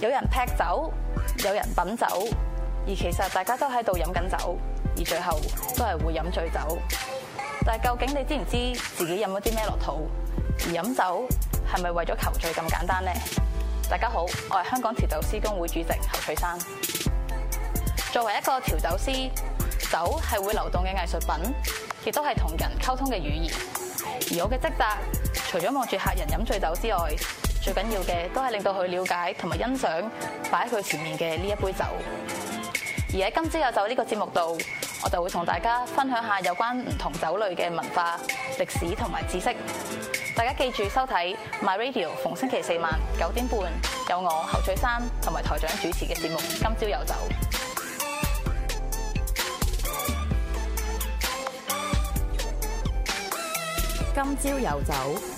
有人劈酒，有人品酒，而其實大家都喺度飲緊酒，而最後都係會飲醉酒。但係究竟你知唔知自己飲咗啲咩落肚？而飲酒係咪為咗求醉咁簡單呢？大家好，我係香港調酒師公會主席侯翠山。作為一個調酒師，酒係會流動嘅藝術品，亦都係同人溝通嘅語言。而我嘅職責，除咗望住客人飲醉酒之外，最緊要嘅都係令到佢了解同埋欣賞擺喺佢前面嘅呢一杯酒。而喺今朝有酒呢個節目度，我就會同大家分享下有關唔同酒類嘅文化、歷史同埋知識。大家記住收睇 My Radio，逢星期四晚九點半有我侯翠珊同埋台長主持嘅節目《今朝有酒》。今朝有酒。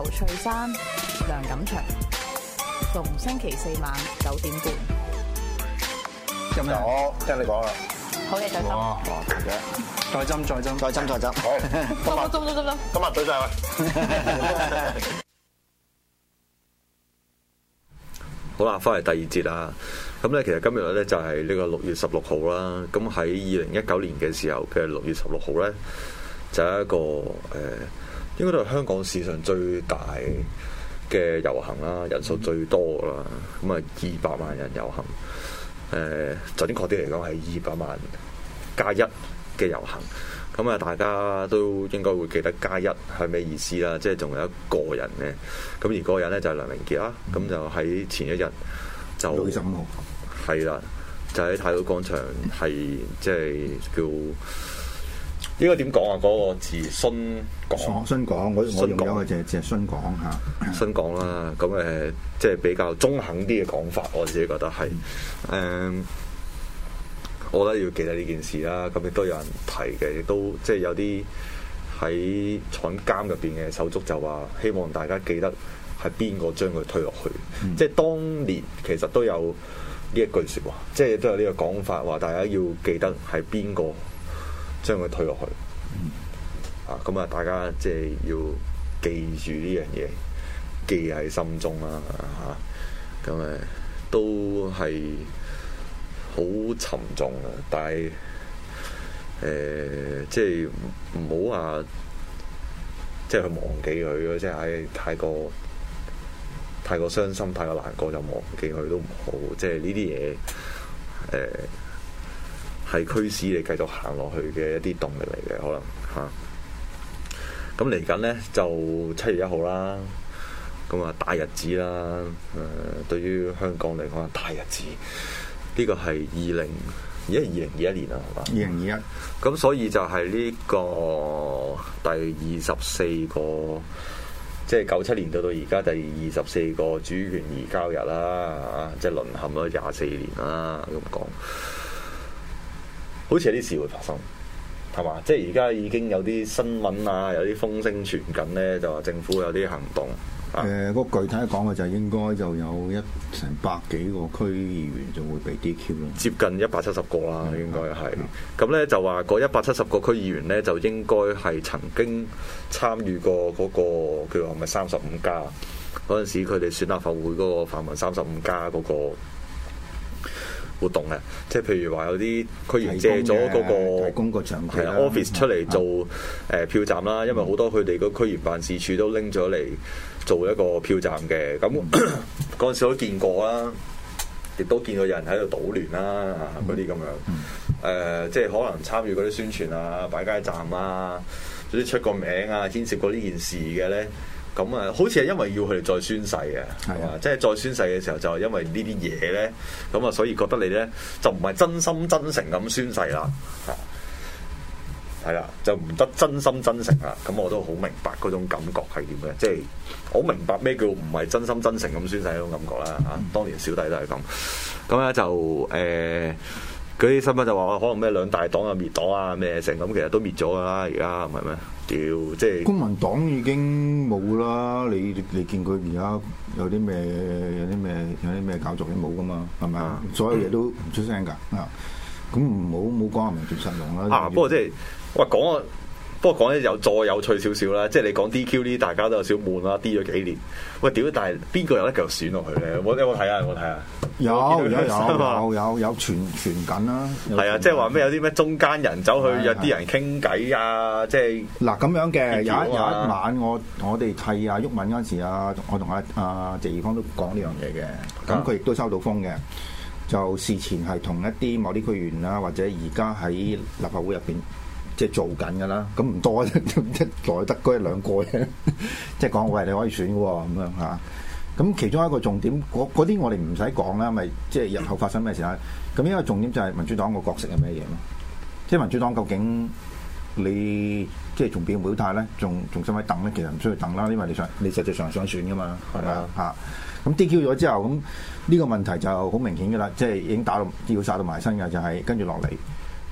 劉翠山、梁錦祥，逢星期四晚九點半。做咩？我聽你講啦。好嘢，再斟。哇！再斟，再斟，再斟，再斟。好， 今日天斟，斟，斟，斟。今日對晒啦。 好啦，翻嚟第二節啦。咁咧，其實今日咧就係呢個六月十六號啦。咁喺二零一九年嘅時候嘅六月十六號咧，就係一個誒。呃應該都係香港史上最大嘅遊行啦，嗯、人數最多噶啦，咁啊二百萬人遊行，誒、呃、準確啲嚟講係二百萬加一嘅遊行，咁、嗯、啊大家都應該會記得加一係咩意思啦，即係仲有一個人嘅，咁而嗰個人咧就係梁明傑啦，咁、嗯嗯、就喺前一日就係啦、呃呃呃，就喺太古廣場係即係叫。叫呢個點講啊？嗰、那個字，新講，新講，我我用嘅就係就係新講吓，新講啦。咁誒，即係比較中肯啲嘅講法，我自己覺得係誒、嗯嗯，我覺得要記得呢件事啦。咁亦都有人提嘅，亦都即係、就是、有啲喺坐監入邊嘅手足就話，希望大家記得係邊個將佢推落去。嗯、即係當年其實都有呢一句說話，即、就、係、是、都有呢個講法，話大家要記得係邊個。將佢推落去，啊，咁啊，大家即係要記住呢樣嘢，記喺心中啦、啊，吓、啊、咁啊，都係好沉重嘅，但係誒，即係唔好話即係去忘記佢咯，即係唉、太過太過傷心，太過難過就忘記佢都唔好，即係呢啲嘢誒，就是係驅使你繼續行落去嘅一啲動力嚟嘅，可能吓。咁嚟緊呢，就七月一號啦，咁啊大日子啦，誒、呃、對於香港嚟講，大日子呢、呢個係二零而家二零二一年啦，係嘛？二零二一咁，所以就係呢個第二十四個，即係九七年到到而家第二十四個主權移交日啦，即係淪陷咗廿四年啦，咁講。好似有啲事會發生，係嘛？即係而家已經有啲新聞啊，有啲風聲傳緊咧，就話政府有啲行動。誒、呃，個具體講嘅就係應該就有一成百幾個區議員仲會被 DQ 咯。接近一百七十個啦，嗯、應該係。咁咧就話嗰一百七十個區議員咧，就應該係曾經參與過嗰、嗰個叫做係咪三十五加。嗰陣時，佢哋選立法會嗰個泛民三十五加嗰個。活動啊，即係譬如話有啲區議員借咗嗰、那個公嗰的場，係啊 office 出嚟做誒的、呃、票站啦，因為好多佢哋個區議員辦事處都拎咗嚟做一個票站嘅，咁嗰陣時我都見過啦，亦都見到有人喺度搗亂啦，嗰啲咁樣，誒、嗯嗯呃、即係可能參與嗰啲宣傳啊、擺街站啊，總之出個名啊、牽涉過呢件事嘅咧。咁啊，好似係因為要佢哋再宣誓嘅，係嘛？即係再宣誓嘅時候，就係因為呢啲嘢咧，咁啊，所以覺得你咧就唔係真心真誠咁宣誓啦，嚇，係啦，就唔得真心真誠啦。咁我都好明白嗰種感覺係點嘅，即係好明白咩叫唔係真心真誠咁宣誓嗰種感覺啦。嚇，啊，當年小弟都係咁，咁咧就誒。嗰啲新聞就話可能咩兩大黨啊，滅黨啊咩成咁，其實都滅咗噶啦，而家係咪啊？屌，即係公民黨已經冇啦。你你見佢而家有啲咩？有啲咩？有啲咩搞作都冇噶嘛，係咪啊？所有嘢都唔出聲噶啊！咁唔好冇講阿明主實名啦。啊，要啊，不過即係喂講不過講啲有再有趣少少啦，即係你講 DQ 呢啲，大家都有少悶啦。D 咗幾年，喂屌！但係邊個有得繼續選落去咧？我，看看我看看有冇睇啊？有冇睇啊？有有有有有傳傳緊啦！係啊，即係話咩？有啲咩中間人走去有啲人傾偈啊！即係嗱咁樣嘅。有一有一晚我我哋替阿郁文嗰陣時，阿我同阿阿謝怡芳都講呢樣嘢嘅。咁佢亦都收到風嘅，就事前係同一啲某啲區員啊，或者而家喺立法會入邊。即係做緊㗎啦，咁唔多一來得嗰一兩個啫， 即係講喂，你可以選喎咁樣嚇。咁其中一個重點，嗰啲我哋唔使講啦，咪、就是、即係日後發生咩事啦。咁呢個重點就係民主黨個角色係咩嘢咯？即係民主黨究竟你即係仲表唔表態咧，仲仲使唔使等咧？其實唔需要等啦，因為你想你，你實際上想選㗎嘛，係咪啊？嚇！咁 DQ 咗之後，咁呢個問題就好明顯㗎啦，即係已經打到要殺到埋身㗎，就係跟住落嚟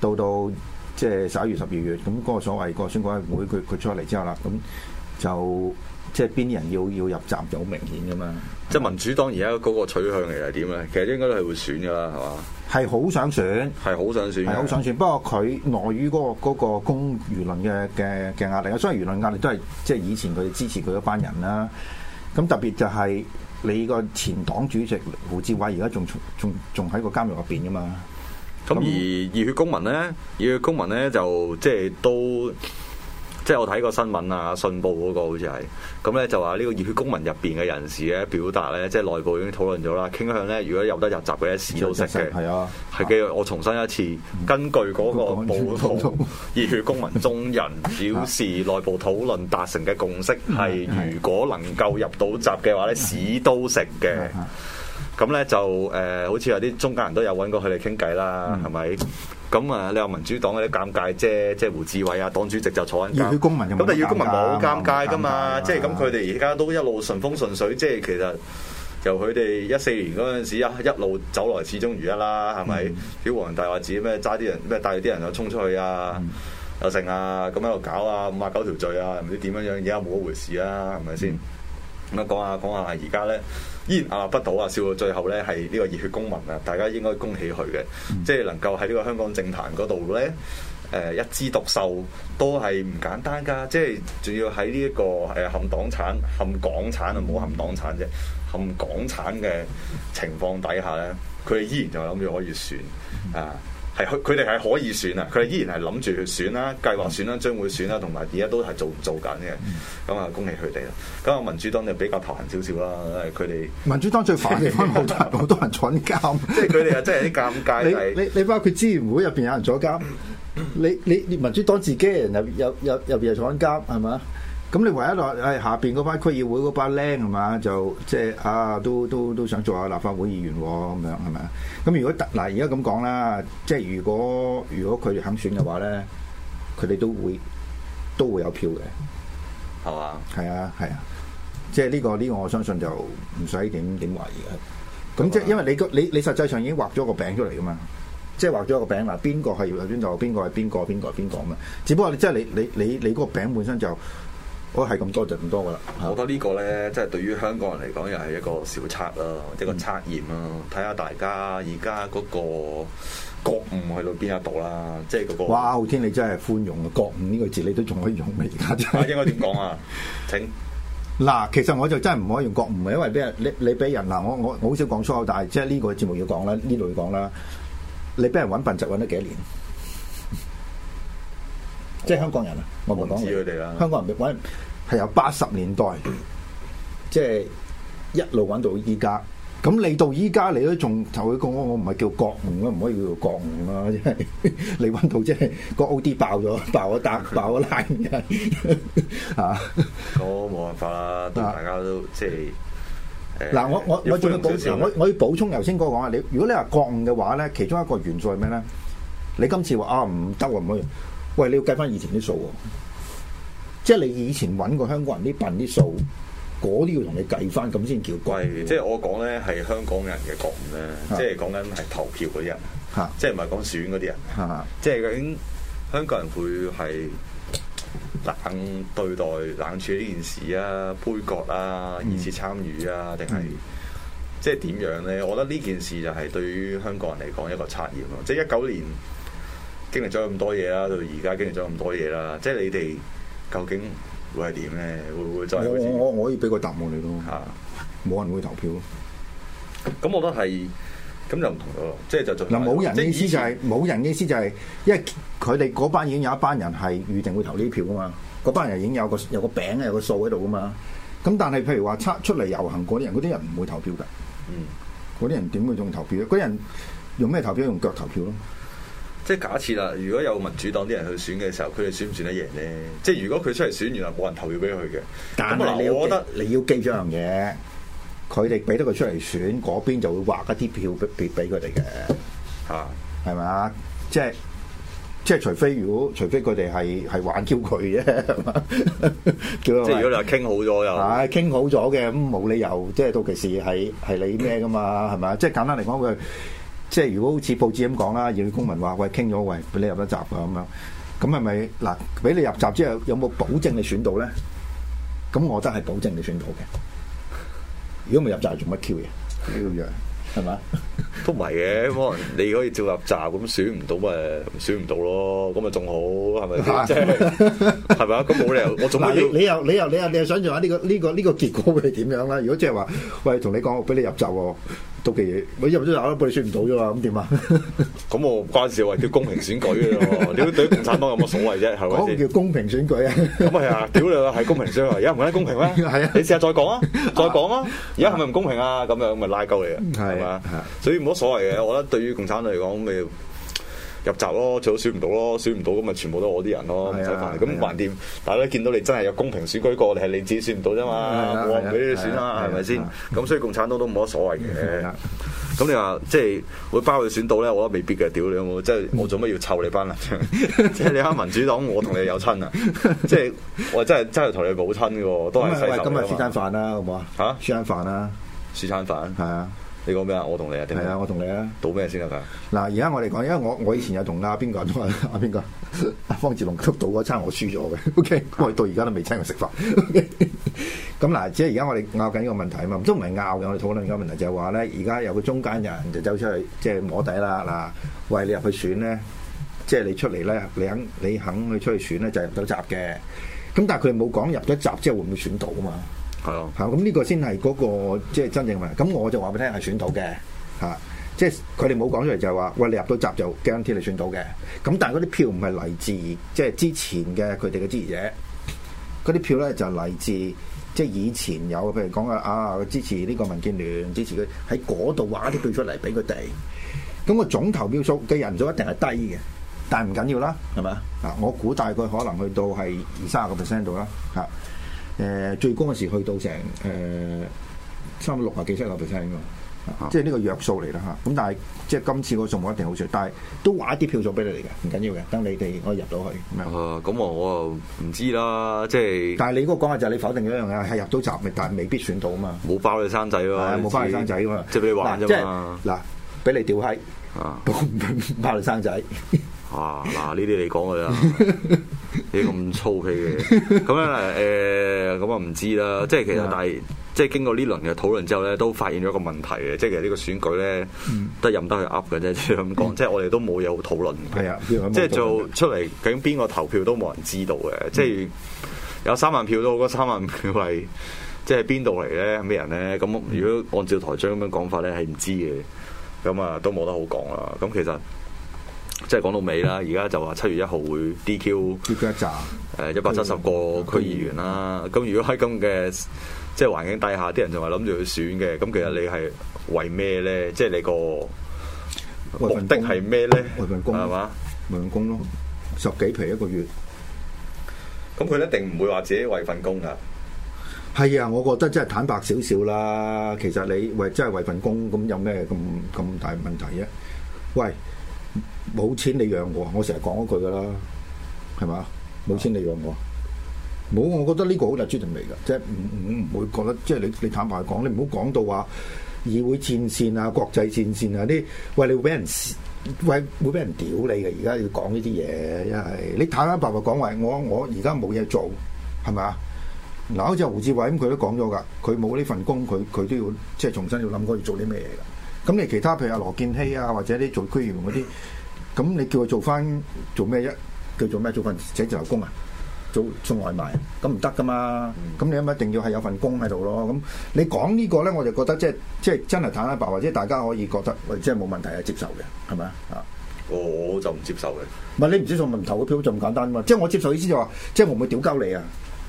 到到。即係十一月、十二月，咁、那、嗰個所謂個選舉委會，佢佢出嚟之後啦，咁就即係邊啲人要要入閘，就好明顯噶嘛。即係民主黨而家嗰個取向其實點咧？其實應該都係會選噶啦，係嘛？係好想選，係好想，想選，係好想選。不過佢礙於嗰個嗰個公輿論嘅嘅嘅壓力啊，所以輿論壓力都係即係以前佢支持佢一班人啦。咁特別就係你個前黨主席胡志偉而家仲仲仲喺個監獄入邊噶嘛？咁而熱血公民咧，熱血公民咧就即係都即係我睇過新聞啊，信報嗰個好似係咁咧，就話呢個熱血公民入邊嘅人士咧，表達咧即係內部已經討論咗啦，傾向咧，如果入得入閘嘅，屎都食嘅。係啊，係嘅。我重申一次，嗯、根據嗰個報道，熱血公民中人表示內部討論 達成嘅共識係，如果能夠入到閘嘅話咧，屎都食嘅。的的咁咧就誒，好似有啲中間人都有揾過佢哋傾偈啦，係咪？咁啊，你話民主黨嗰啲尷尬啫，即係胡志偉啊，黨主席就坐喺緊咁，但要公民冇尷尬噶嘛？即係咁，佢哋而家都一路順風順水，即係其實由佢哋一四年嗰陣時啊，一路走來始終如一啦，係咪？啲黃大帶話自己咩揸啲人咩帶啲人又衝出去啊，又剩啊咁喺度搞啊，五啊九條罪啊，唔知點樣樣，而家冇嗰回事啊，係咪先？咁啊，講下講下，而家咧。依然屹立不倒啊！笑到最後咧，係呢個熱血公民啊，大家應該恭喜佢嘅，即係能夠喺呢個香港政壇嗰度咧，誒、呃、一枝獨秀都係唔簡單噶。即係仲要喺呢一個誒冚、呃、黨產冚港產啊，冇冚黨產啫，冚港產嘅情況底下咧，佢依然就諗住可以選啊！呃嗯係佢哋係可以選啊！佢哋依然係諗住去選啦、計劃選啦、將會選啦，同埋而家都係做做緊嘅。咁啊，恭喜佢哋啦！咁啊，民主黨就比較頭痕少少啦。佢哋民主黨最煩嘅好 多人好多人坐監，即係佢哋又真係啲尷尬 你。你你你包括支援會入邊有人坐監， 你你你民主黨自己嘅人入入入入邊又坐監係咪？咁你唯一落誒、哎、下邊嗰班區議會嗰班靚係嘛，就即係啊，都都都想做下立法會議員咁樣係咪啊？咁如果嗱而家咁講啦，即係如果如果佢哋肯選嘅話咧，佢哋都會都會有票嘅，係嘛吧？係啊係啊，啊，即係呢、呢個呢、呢個我相信就唔使點點懷疑嘅。咁吧即係因為你你你實際上已經畫咗個餅出嚟㗎嘛，即係畫咗個餅嗱，邊個係邊度？邊個係邊個？邊個係邊個咁啊？只不過你即係你你你你嗰個餅本身就～我係咁多就咁多噶啦，我覺得個呢個咧，即係對於香港人嚟講，又係一個小測啦、啊，嗯、一個測驗啦，睇下大家而家嗰個覺悟去到邊一度啦，即係嗰、那個。哇！浩天，你真係寬容，覺悟呢個字你都仲可以用嘅，而家真係。應該點講啊？請嗱，其實我就真係唔可以用覺悟，因為俾人你你俾人嗱，我我好少講粗口，但係即係呢個節目要講啦，呢度要講啦。你俾人揾笨就揾咗幾年？即係香港人啊，我唔講佢哋啦。香港人揾係由八十年代，即係一路揾到依家。咁你到依家你都仲頭先講，我唔係叫國誤啦，唔可以叫做國誤啦，即係你揾到即係個 OD 爆咗，爆一笪，爆一欄，係嘛？咁冇辦法啦，都大家都即係誒。嗱，我我我仲要補，我我要補充由祥哥講啊。你如果你話國誤嘅話咧，其中一個元素係咩咧？你今次話啊唔得啊唔可以。喂，你要計翻以前啲數喎，即係你以前揾過香港人啲笨啲數，嗰啲要同你計翻，咁先叫貴。即係我講咧，係香港人嘅覺悟咧，啊、即係講緊係投票嗰啲人，啊、即係唔係講選嗰啲人，啊、即係究竟香港人會係冷對待、冷處呢件事啊、杯葛啊、二次參與啊，定係即係點樣咧？我覺得呢件事就係對於香港人嚟講一個測驗咯，即係一九年。經歷咗咁多嘢啦，到而家經歷咗咁多嘢啦，即係你哋究竟會係點咧？會會再我我我可以俾個答案你咯吓，冇人會投票咯。咁我覺得係咁就唔同咗咯。即係就就嗱冇人嘅意思就係，冇人嘅意思就係，因為佢哋嗰班已經有一班人係預定會投呢啲票噶嘛。嗰班人已經有個有個餅啊，有個數喺度噶嘛。咁但係譬如話出出嚟遊行嗰啲人，嗰啲人唔會投票噶。嗯，嗰啲人點會仲投票咧？嗰人用咩投票？用腳投票咯。即係假設啦，如果有民主黨啲人去選嘅時候，佢哋選唔選得贏咧？即係如果佢出嚟選，原來冇人投票俾佢嘅。咁嗱，我覺得你要記咗樣嘢，佢哋俾得佢出嚟選，嗰邊就會劃一啲票俾俾佢哋嘅，嚇係咪？即係即係除非如果除非佢哋係係玩嬌佢啫，叫 即係如果你話傾好咗又，係傾、啊、好咗嘅，咁冇理由，即係到其時係係你咩噶嘛？係咪、嗯？即係簡單嚟講佢。即係如果好似報紙咁講啦，要公民話喂傾咗喂，俾你入得閘啊。」咁樣，咁係咪嗱俾你入閘之後有冇保證你選到咧？咁我真係保證你選到嘅。如果唔入閘係做乜 Q 嘢？Q 呢樣係咪？都唔係嘅，可能你可以照入閘咁選唔到咪選唔到咯。咁咪仲好係咪？即係咪啊？咁冇、就是、理由我要要你又你又你又你又想象下呢個呢、這個呢、這個這個結果會點樣啦？如果即係話喂同你講俾你入閘喎。到嘅嘢，每日都攞一半算唔到咗啦，咁點啊？咁 我關事喎，叫公平選舉嘅啫喎， 你對於共產黨有乜所謂啫？係咪先？叫公平選舉啊？咁啊係啊，屌你啊，係公平先啊！而家唔係啲公平咩？ 是啊、你試下再講啊，再講啊！而家係咪唔公平啊？咁樣咪拉鳩你啊？係嘛？所以冇乜所謂嘅，我覺得對於共產黨嚟講，咪，入閘咯，最好選唔到咯，選唔到咁咪全部都我啲人咯，唔使煩。咁橫掂，大家都見到你真係有公平選舉過，你係你自己選唔到啫嘛，我唔俾你選啦，係咪先？咁所以共產黨都冇乜所謂嘅。咁你話即係會包佢選到咧，我話未必嘅。屌你，我即係我做乜要湊你班啊？即係你啱民主黨，我同你有親啊！即係我真係真係同你冇親嘅。喂喂，今日黐餐飯啦，好唔好啊？嚇！黐餐飯啦，黐餐飯，係啊。你講咩啊，啊？我同你啊，係啊，我同你啊，賭咩先得㗎？嗱，而家我哋講，因為我我以前有同阿邊個阿邊個？阿、啊、方志龍，佢賭嗰餐我輸咗嘅。OK，我到而家都未請佢食飯。咁、okay? 嗱，即係而家我哋拗緊呢個問題啊嘛，都唔係拗嘅，我哋討論個問題就係話咧，而家有個中間人就走出去，即係摸底啦嗱。喂，你入去選咧，即係你出嚟咧，你肯你肯去出去選咧，就是、入到閘嘅。咁但係佢冇講入咗閘之後會唔會選到啊嘛？係咯，吓，咁呢個先係嗰個即係真正問題。咁我就話俾你聽係選到嘅，吓、啊，即係佢哋冇講出嚟就係話，喂，你入到閘就驚天嚟選到嘅。咁但係嗰啲票唔係嚟自即係之前嘅佢哋嘅支持者，嗰啲票咧就嚟自即係以前有，譬如講啊，啊支持呢個民建聯，支持佢喺嗰度畫啲票出嚟俾佢哋。咁個總投票數嘅人數一定係低嘅，但係唔緊要啦，係咪啊？我估大概可能去到係二卅個 percent 度啦，吓。啊誒最高嘅時去到成誒、呃、差唔多六啊幾七六啊 percent 即係呢個約數嚟啦嚇。咁但係即係今次個數冇一定好少，但係都玩一啲票數俾你嚟嘅，唔緊要嘅，等你哋可以入到去。咁、啊嗯、我唔知啦，即係。但係你嗰個講法就係你否定咗一樣嘢係入到閘，但係未必選到啊嘛。冇包你生仔㗎冇、啊啊、包你生仔㗎嘛，即係俾你玩啫嘛、啊。即係嗱俾你屌閪，啊、包你生仔啊！嗱呢啲嚟講㗎啦。你咁 粗鄙嘅，咁樣誒，咁啊唔知啦。即係其實但，但係即係經過呢輪嘅討論之後咧，都發現咗一個問題嘅。即係其實呢個選舉咧，嗯就是、都任得去噏嘅啫，即係咁講。即係我哋都冇有討論。係啊，即係做出嚟究竟邊個投票都冇人知道嘅、嗯。即係有三萬票都，好過三萬票係即係邊度嚟咧？咩人咧？咁如果按照台長咁樣講法咧，係唔知嘅。咁啊，都冇得好講啦。咁其實。即係講到尾啦，而家就話七月一號會 DQ，跌佢一扎，誒一百七十個區議員啦。咁 如果喺咁嘅即係環境底下，啲人就話諗住去選嘅，咁其實你係為咩咧？即係你個目的係咩咧？為份工？係嘛？吧為份工咯，十幾皮一個月，咁佢一定唔會話自己為份工噶。係啊，我覺得真係坦白少少啦。其實你為真係為份工，咁有咩咁咁大問題啊？喂！冇錢你養我，我成日講嗰句噶啦，係咪？冇是、啊、錢你養我，冇。我覺得呢個好係專定嚟噶，即係唔唔唔會覺得。即係你你坦白講，你唔好講到話議會戰線啊、國際戰線啊啲。喂，你會俾人，喂會俾人屌你嘅。而家要講呢啲嘢，一係你坦坦白白講話，我我而家冇嘢做，係咪啊？嗱，好似胡志偉咁，佢都講咗噶，佢冇呢份工，佢佢都要即係重新要諗過要做啲咩嘢噶。咁你其他譬如阿羅健熙啊，或者啲做區議員嗰啲。咁你叫佢做返做咩呀？叫做咩？做份寫字樓工啊？做送外賣？咁唔得㗎嘛？咁、嗯、你咁一定要係有份工喺度咯？咁你講呢個咧，我就覺得即係即係真係坦，坦坦白，或者大家可以覺得喂，即係冇問題啊，接受嘅，係咪啊？我就唔接受嘅。唔係你唔接受咪唔投個票就咁簡單嘛？即係我接受意思就話、是，即係我唔會屌鳩你啊！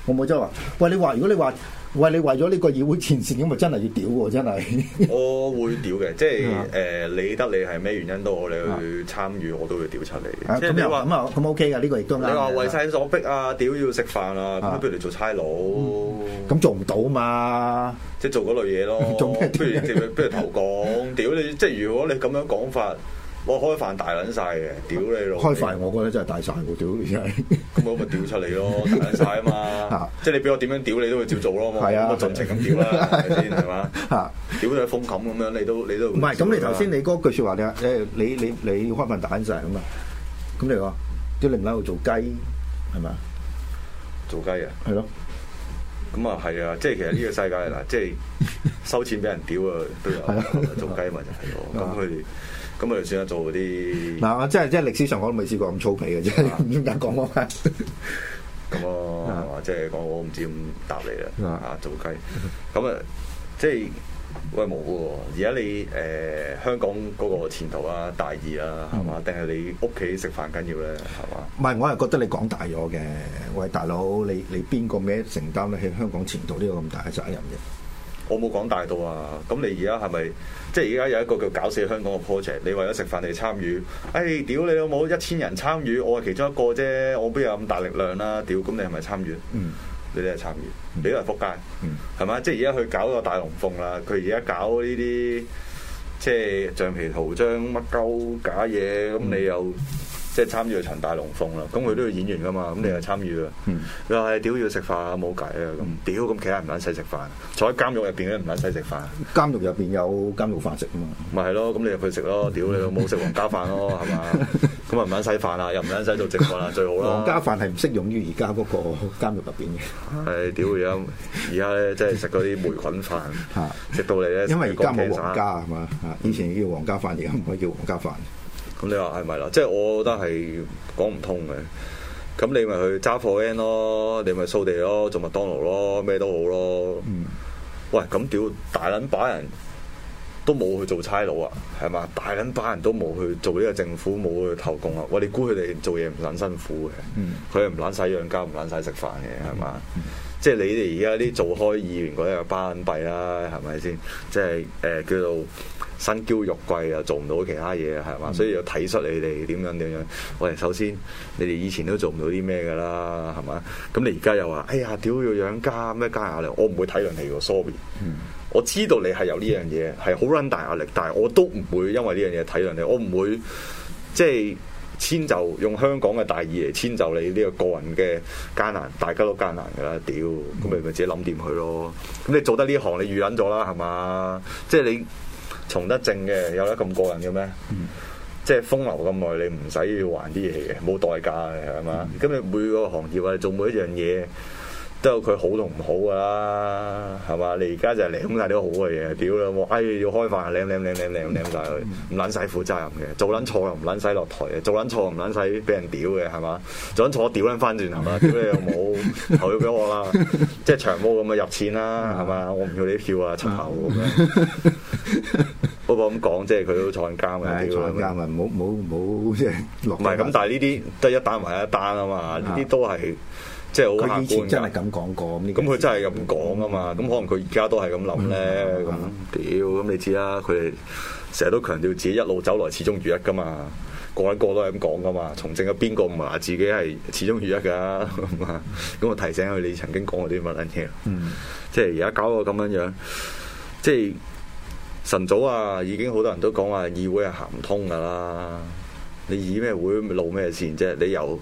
我唔會即係話，喂你話如果你話。喂，你為咗呢個議會前線咁咪真係要屌喎，真係！我會屌嘅，即係誒理得你係咩原因都我哋去參與我都會屌出你。即係你話咁啊，咁 OK 噶，呢個亦都啱。你話為勢所逼啊，屌要食飯啊，咁不如你做差佬，咁做唔到嘛，即係做嗰類嘢咯。不如不如投降，屌你！即係如果你咁樣講法。我開飯大捻晒嘅，屌你老！開飯我覺得真係大晒嘅，屌你真係，咁我咪屌出嚟咯，大捻晒啊嘛！即係你俾我點樣屌你都會照做咯，我盡情咁屌啦，係咪先係嘛？屌你封冚咁樣，你都你都唔係咁。你頭先你嗰句說話，你即係你你你開飯大捻晒啊嘛！咁你話叫你唔喺度做雞係咪啊？做雞啊？係咯。咁啊係啊，即係其實呢個世界嗱，即係收錢俾人屌啊都有，做雞嘛就係咁佢。咁啊，算得做啲嗱，即係即係歷史上我都未試過咁粗鄙嘅啫，唔中意講我嘅。咁吧啊，啊，即係講我唔知點答你啦，啊做雞。咁啊，即係喂冇喎。而家你誒香港嗰個前途啊、大義啊，係嘛、嗯？定係你屋企食飯緊要咧，係嘛？唔係，我係覺得你講大咗嘅。喂，大佬，你你邊個咩承擔咧？喺香港前途呢個咁大嘅責任嘅？我冇講大到啊！咁你而家係咪即係而家有一個叫搞死香港嘅 project？你為咗食飯你參與？哎，屌你老母！一千人參與，我係其中一個啫，我邊有咁大力量啦、啊？屌，咁你係咪參與？嗯，你哋係參與，你都係撲街，係咪、嗯？即係而家去搞個大龍鳳啦，佢而家搞呢啲即係橡皮圖章乜鳩假嘢，咁你又？即係參與陳大龍鳳啦，咁佢都要演員噶嘛，咁你又參與啊？又係屌要食飯冇計啊！咁屌咁，其他唔撚使食飯，坐喺監獄入邊嘅唔撚使食飯。監獄入邊有監獄飯食啊嘛，咪係咯，咁你入去食咯。屌你都冇食皇家飯咯，係嘛？ 咁唔撚使飯啦，又唔撚使做直播啦，最好啦。皇家飯係唔適用於而家嗰個監獄入邊嘅。係屌樣，而家咧即係食嗰啲霉菌飯，食、啊、到你咧。因為而家冇皇家係嘛？以前叫皇家飯，而家唔可以叫皇家飯。咁你話係咪啦？即係我覺得係講唔通嘅。咁你咪去揸貨 van 咯，你咪掃地咯，做麥當勞咯，咩都好咯。嗯、喂，咁屌大撚把人都冇去做差佬啊？係嘛？大撚把人都冇去做呢個政府冇去投共啊？喂，你估佢哋做嘢唔撚使辛苦嘅？佢唔、嗯、撚使養家，唔撚使食飯嘅係嘛？即係你哋而家啲做開議員嗰啲班閉啦，係咪先？即係誒、呃、叫做身嬌肉貴啊，又做唔到其他嘢啊，係嘛？嗯、所以要體恤你哋點樣點樣。喂，首先你哋以前都做唔到啲咩噶啦，係嘛？咁你而家又話：哎呀，屌要養家咩？加壓力，我唔會體諒你喎。Sorry，、嗯、我知道你係有呢樣嘢，係好撚大壓力，但係我都唔會因為呢樣嘢體諒你，我唔會即係。遷就用香港嘅大義嚟遷就你呢個個人嘅艱難，大家都艱難㗎啦，屌，咁你咪自己諗掂佢咯。咁你做得呢行，你預忍咗啦，係嘛？即係你從得正嘅，有得咁過癮嘅咩？嗯、即係風流咁耐，你唔使要還啲嘢嘅，冇代價嘅係嘛？今日、嗯、每個行業啊，做每一樣嘢。都有佢好同唔好㗎啦，係嘛？你而家就係舐曬啲好嘅嘢，屌啦！冇？哎要開飯，舐舐舐舐舐舐曬佢，唔撚使負責任嘅，做撚錯又唔撚使落台嘅，做撚錯又唔撚使俾人屌嘅，係嘛？做撚錯屌撚翻轉頭啦，屌 你又冇投票俾我啦，即係長毛咁嘅入錢啦、啊，係嘛？我唔要啲票啊出口咁樣。 不過咁講，即係佢都坐緊監嘅、 嗯。坐監咪冇冇冇即係落。唔係咁，但係呢啲都一單埋一單啊嘛，呢啲都係。即係好難過。佢以前真係咁講過咁，佢真係咁講啊嘛。咁、嗯、可能佢而家都係咁諗咧。咁屌，咁你知啦。佢哋成日都強調自己一路走來始終如一噶嘛。一個個都係咁講噶嘛。從政有邊個唔係話自己係始終如一噶、啊？咁、嗯嗯、 我提醒佢你曾經講過啲乜嘢。嗯、即係而家搞到咁樣樣。即係晨早啊，已經好多人都講話議會係行唔通噶啦。你以咩會路咩線啫？你又。你有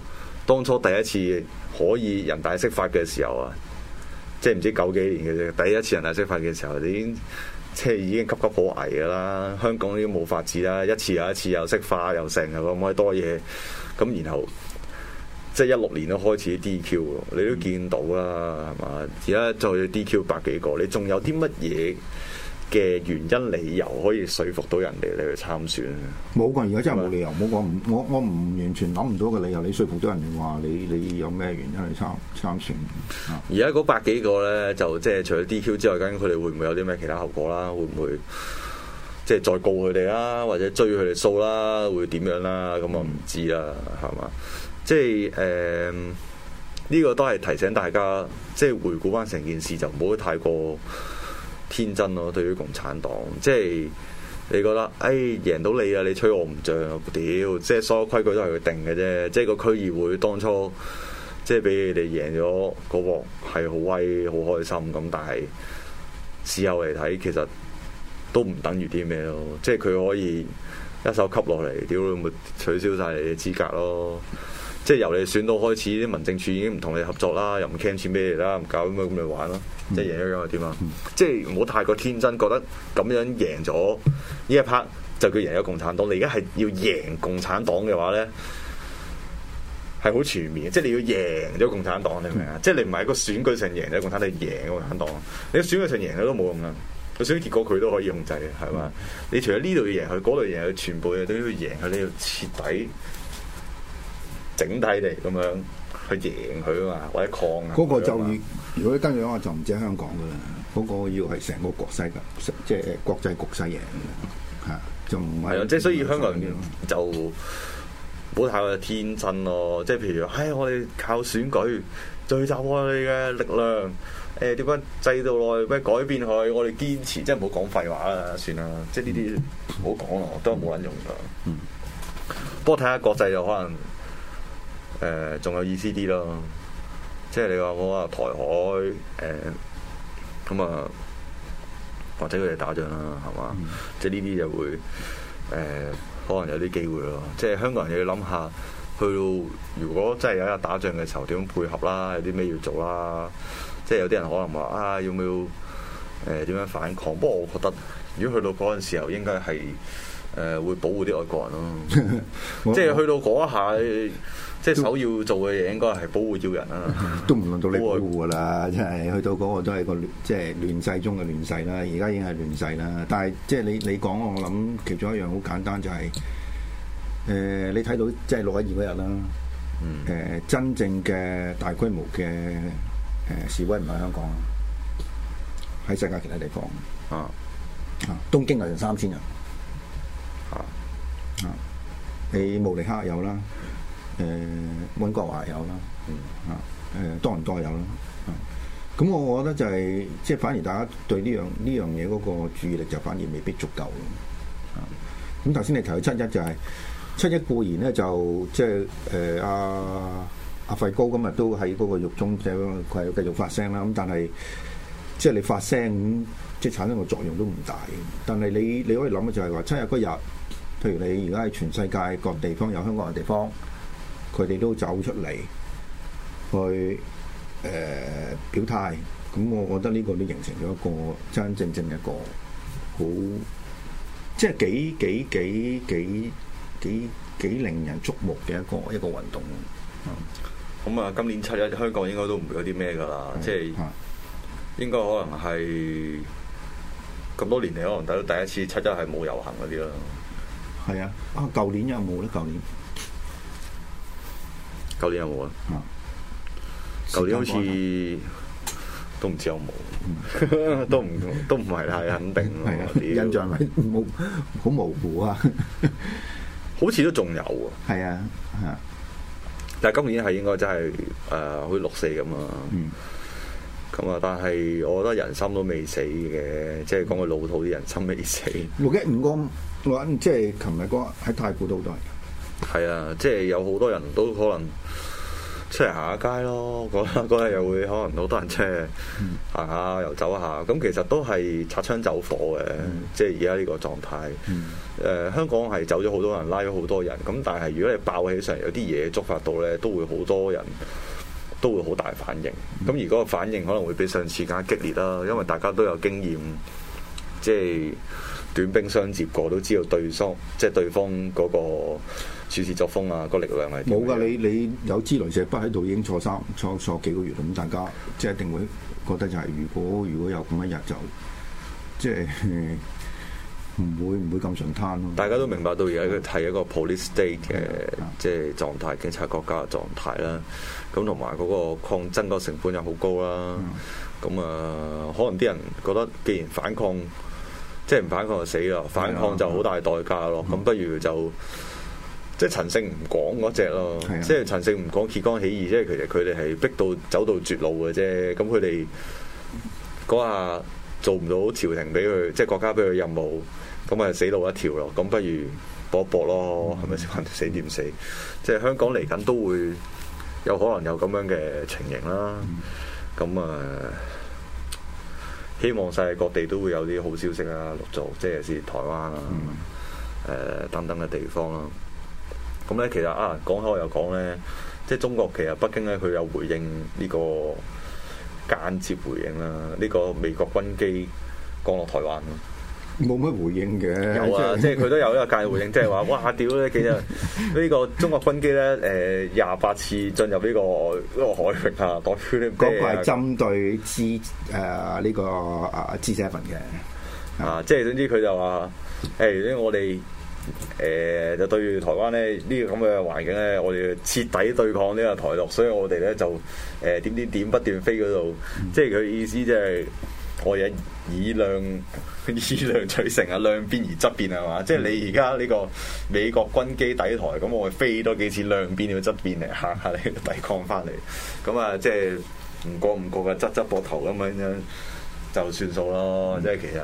當初第一次可以人大釋法嘅時候啊，即係唔知九幾年嘅啫，第一次人大釋法嘅時候，你已經即係已經岌岌可危噶啦。香港已經冇法治啦，一次又一次又釋法又成，咁可以多嘢。咁然後即係一六年都開始 DQ 喎，你都見到啦，係嘛、嗯？而家再 DQ 百幾個，你仲有啲乜嘢？嘅原因理由，可以說服到人哋嚟去參選啊！冇噶，而家真係冇理由。冇講吧，我我唔完全諗唔到嘅理由。你說服咗人哋話你你有咩原因去參參選？而家嗰百幾個咧，就即係除咗 DQ 之外，究竟佢哋會唔會有啲咩其他後果啦？會唔會即係再告佢哋啦，或者追佢哋數啦？會點樣啦？咁我唔知啦，係嘛？即係誒，呢個都係提醒大家，即係回顧翻成件事，就唔好太過。天真咯，對於共產黨，即係你覺得，哎贏到你啊，你吹我唔漲啊，屌！即係所有規矩都係佢定嘅啫，即係個區議會當初即係俾你哋贏咗個鑊，係好威、好開心咁，但係事後嚟睇，其實都唔等於啲咩咯，即係佢可以一手吸落嚟，屌，咪取消晒你嘅資格咯。即係由你選到開始，啲民政處已經唔同你合作啦，又唔 can 錢俾你啦，唔搞咁樣咁嚟玩咯，嗯、即係贏咗又點啊？即係唔好太過天真，覺得咁樣贏咗呢一 part 就叫贏咗共產黨。你而家係要贏共產黨嘅話咧，係好全面，即係你要贏咗共、嗯、共產黨，你明唔明啊？即係你唔係喺個選舉上贏咗共產，你贏共產黨。你選舉上贏咗都冇用啦，個選舉結果佢都可以控制嘅，係嘛？嗯、你除咗呢度要贏佢，嗰度贏佢，全部嘢都要贏佢，你要徹底。整體嚟咁樣去贏佢啊嘛，或者抗嗰個就， 如果跟住我就唔知香港噶啦，嗰、嗰個要係成個國際嘅，即係國際局勢嘅嚇，就唔係係啊。即係所以香港人就冇太天真咯。即係譬如，唉，我哋靠選舉聚集我哋嘅力量。誒點解制度內咩改變佢？我哋堅持，即係唔好講廢話啦，算啦。即係呢啲唔好講啦，我都係冇捻用噶。不過睇下國際就可能。誒，仲有意思啲咯，即係你話我話台海誒，咁啊或者佢哋打仗啦，係嘛？即係呢啲就會誒，可能有啲機會咯。即係香港人又要諗下，去到如果真係有一打仗嘅時候，點配合啦？有啲咩要做啦？即係有啲人可能話啊，要唔要誒？點樣反抗？不過我覺得，如果去到嗰陣時候，應該係。誒會保護啲外國人咯， 我 即係去到嗰一下，都 即係首要做嘅嘢應該係保護要人啦。都唔論到你保護噶啦，保護 真係去到嗰個都係個即係、就係、亂世中嘅亂世啦。而家已經係亂世啦。但係即係你你講我諗其中一樣好簡單就係、係、誒、呃、你睇到即係六一二嗰日啦，誒、嗯呃、真正嘅大規模嘅誒、呃、示威唔係香港，喺世界其他地方啊，東京啊成三千人。啊你慕尼克有啦，誒、呃、溫哥華有啦，啊、嗯，誒多倫多有啦，咁、嗯嗯嗯、我覺得就係、是、即係反而大家對呢樣呢樣嘢嗰個注意力就反而未必足夠，咁頭先你提到七一就係、是、七一固然咧就即係誒阿阿費高今日都喺嗰個獄中即係繼續發聲啦，咁、嗯、但係即係你發聲咁、嗯、即係產生個作用都唔大，但係你你可以諗嘅就係、是、話七一嗰日。譬如你而家喺全世界各地地方有香港嘅地方，佢哋都走出嚟去誒、呃、表態。咁、嗯、我覺得呢個都形成咗一個真真正正一個好，即係幾幾幾幾幾幾,幾令人矚目嘅一個一個運動。咁啊、嗯，今年七一香港應該都唔會有啲咩㗎啦，即係應該可能係咁多年嚟可能睇到第一次七一係冇遊行嗰啲啦。係啊，啊，舊年有冇咧？舊年，舊年有冇啊？啊，舊年好似都唔知有冇，都唔都唔係太肯定。印象係好模糊啊，好似都仲有喎。係啊，但係今年係應該真係好似六四咁啊。嗯，咁啊，但係我覺得人心都未死嘅，即係講句老土啲人心未死。六一唔過。即係琴日嗰日喺太古度，都係。啊，即係有好多人都可能出嚟行下街咯。嗰日又會可能好多人出去行下、又走下。咁其實都係擦槍走火嘅。嗯、即係而家呢個狀態。誒、嗯呃，香港係走咗好多人，拉咗好多人。咁但係如果你爆起上嚟，有啲嘢觸發到咧，都會好多人都會好大反應。咁、嗯、而嗰個反應可能會比上次更加激烈啦。因為大家都有經驗，即係。嗯短兵相接過都知道對方即係、就是、對方嗰個處事作風啊，嗰力量係冇㗎。你，你有支雷射筆喺度已經坐三坐坐幾個月。咁大家即係、就是、一定會覺得就係、是、如果如果有咁一日，就即係唔會唔會咁順攤咯、啊。大家都明白到而家佢係一個 Police State 嘅即係狀態，警察國家嘅狀態啦。咁同埋嗰個抗爭嗰成本又好高啦。咁啊、呃，可能啲人覺得既然反抗。即係唔反抗就死啦，反抗就好大代價咯。咁的不如就、嗯、即係陳勝吳廣嗰隻咯，即係陳勝吳廣揭竿起義，的即係其實佢哋係逼到走到絕路嘅啫。咁佢哋嗰下做唔到朝廷俾佢，即係國家俾佢任務，咁咪死路一條咯。咁不如搏一搏咯，係咪先？是是死點死？即係、嗯、香港嚟緊都會有可能有咁樣嘅情形啦。咁啊、嗯、～、嗯嗯希望世界各地都會有啲好消息啊，陸續即係似台灣啊、嗯呃，等等嘅地方咯。咁、嗯、咧其實啊，講開又講呢，即、就、係、是、中國其實北京咧，佢有回應呢個間接回應啦，呢、這個美國軍機降落台灣。冇乜回應嘅，有啊，即係佢都有一個界回應，即係話哇，屌咧，其實呢個中國軍機咧，誒廿八次進入呢個個海域啊，代表呢嗰個係針對 G 誒呢個啊，G7 嘅啊，即係總之佢就話誒，我哋誒就對住台灣咧呢個咁嘅環境咧，我哋要徹底對抗呢個台獨，所以我哋咧就誒點點點不斷飛嗰度，即係佢意思即係我忍。以量以量取勝，啊，量變而質變係嘛？即係你而家呢個美國軍機抵台，咁我會飛多幾次量變與質變嚟嚇下啲抵抗返嚟，咁啊即係唔過唔過嘅質質膊頭咁樣樣就算數咯。即係其實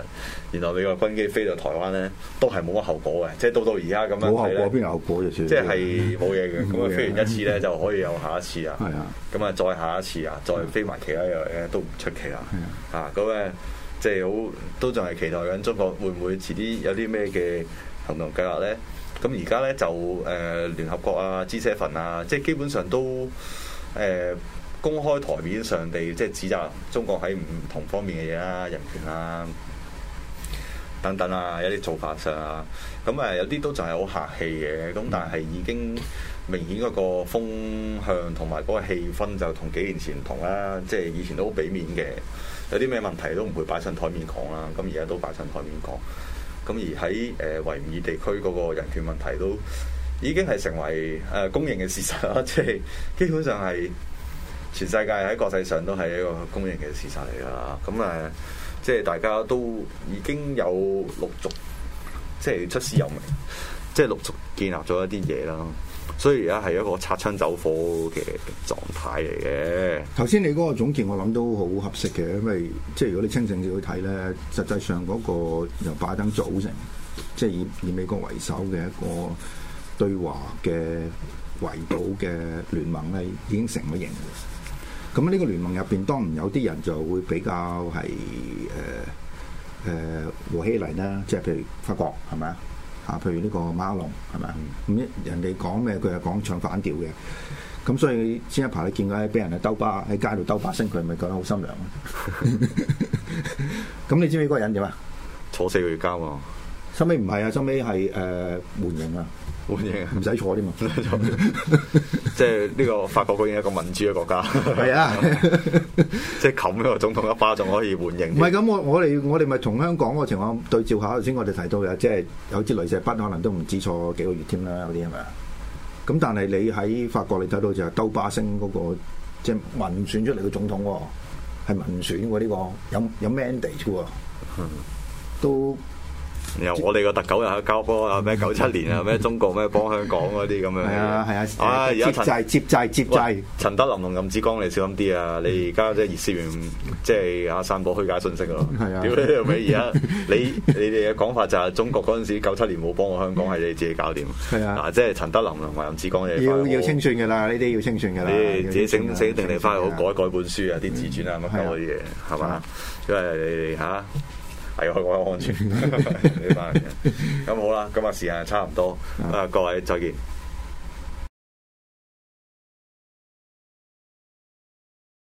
原來美國軍機飛到台灣咧，都係冇乜後果嘅。即係到到而家咁樣冇後果，邊有後果啫？即係冇嘢嘅。咁啊飛完一次咧就可以有下一次啊。係啊。咁啊再下一次啊，再飛埋其他嘢都唔出奇啦。係啊。嚇咁啊！即係好都仲係期待緊中國會唔會遲啲有啲咩嘅行動計劃咧？咁而家咧就誒、呃、聯合國啊、G7 啊，即係基本上都誒、呃、公開台面上地即係指責中國喺唔同方面嘅嘢啦、人權啊等等啊，有啲做法上啊。咁誒有啲都仲係好客氣嘅，咁但係已經明顯嗰個風向同埋嗰個氣氛就同幾年前唔同啦、啊，即係以前都好俾面嘅。有啲咩問題都唔會擺上台面講啦，咁而家都擺上台面講。咁而喺誒維吾爾地區嗰個人權問題都已經係成為誒公認嘅事實啦，即係基本上係全世界喺國際上都係一個公認嘅事實嚟㗎啦。咁誒，即係大家都已經有陸續，即係出師有名，即係陸續建立咗一啲嘢啦。所以而家係一個擦槍走火嘅狀態嚟嘅。頭先你嗰個總結我諗都好合適嘅，因為即係如果你清醒啲去睇咧，實際上嗰個由拜登組成，即係以以美國為首嘅一個對華嘅圍堵嘅聯盟咧，已經成咗型。咁呢個聯盟入邊當然有啲人就會比較係誒誒和稀泥啦，即係譬如法國係咪啊？啊，譬如呢個馬龍係咪咁？人哋講咩佢係講唱反調嘅。咁所以先一排你見佢喺俾人啊兜巴喺街度兜巴星，佢係咪覺得好心涼？咁 你知唔知嗰個人點啊？坐四個月監喎，收尾唔係啊，收尾係誒換人啦。緩刑唔使坐添嘛，即係呢個法國固然係一個民主嘅國家，係啊，即係冚一個總統一巴仲可以緩刑。唔係咁，我我哋我哋咪同香港個情況對照下。頭先我哋提到嘅，即係有啲雷射筆，可能都唔止坐幾個月添啦，嗰啲係咪啊？咁但係你喺法國你睇到就係兜巴星嗰個，即係民選出嚟嘅總統喎，係民選嘅呢個，有有 mandate 啊？嗯，都。然後我哋個特狗又喺交波啊，咩九七年啊，咩中國咩幫香港嗰啲咁樣，係啊係啊，啊。接濟接濟接濟。陳德林同任志剛你小心啲啊！你而家即係熱思完，即係散布虛假信息咯。係啊，屌你老味而家你你哋嘅講法就係中國嗰陣時九七年冇幫過香港，係你自己搞掂。係啊，嗱即係陳德林同埋任志剛嘅要要清算噶啦，呢啲要清算噶啦。你哋自己醒醒定定翻去好改改本書啊，啲自傳啊乜啲嘢係嘛？因為你哋吓。係，我覺得安全啲啲。咁 好啦，今日時間就差唔多，啊， 各位再見。